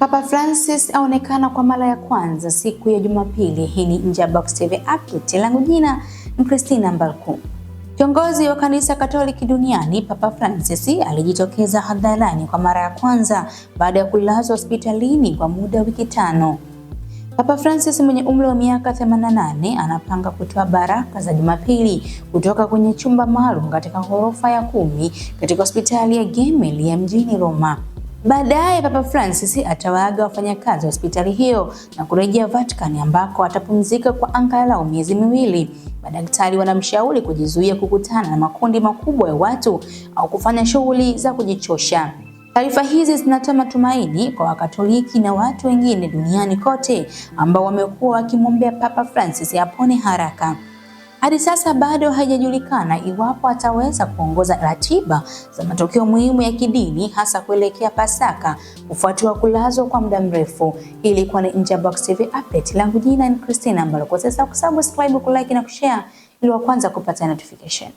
Papa Francis aonekana kwa mara ya kwanza siku ya Jumapili. Hii ni Nje ya Box TV update, langu jina ni Christina Mbalku. Kiongozi wa kanisa Katoliki duniani Papa Francis alijitokeza hadharani kwa mara ya kwanza baada ya kulazwa hospitalini kwa muda wiki tano. Papa Francis mwenye umri wa miaka 88 anapanga kutoa baraka za Jumapili kutoka kwenye chumba maalum katika ghorofa ya kumi katika hospitali ya Gemelli ya mjini Roma. Baadaye Papa Francis atawaaga wafanyakazi wa hospitali hiyo na kurejea Vatican ambako atapumzika kwa angalau miezi miwili. Madaktari wanamshauri kujizuia kukutana na makundi makubwa ya watu au kufanya shughuli za kujichosha. Taarifa hizi zinatoa matumaini kwa Wakatoliki na watu wengine duniani kote ambao wamekuwa wakimwombea Papa Francis apone haraka. Hadi sasa bado haijajulikana iwapo ataweza kuongoza ratiba za matokeo muhimu ya kidini hasa kuelekea Pasaka kufuatiwa kulazwa kwa muda mrefu. Ili kuwa ni Nje ya Box TV update, langu jina ni Christina Mbalo. Kwa sasa kusubscribe, kulike na kushare ili wa kwanza kupata notification.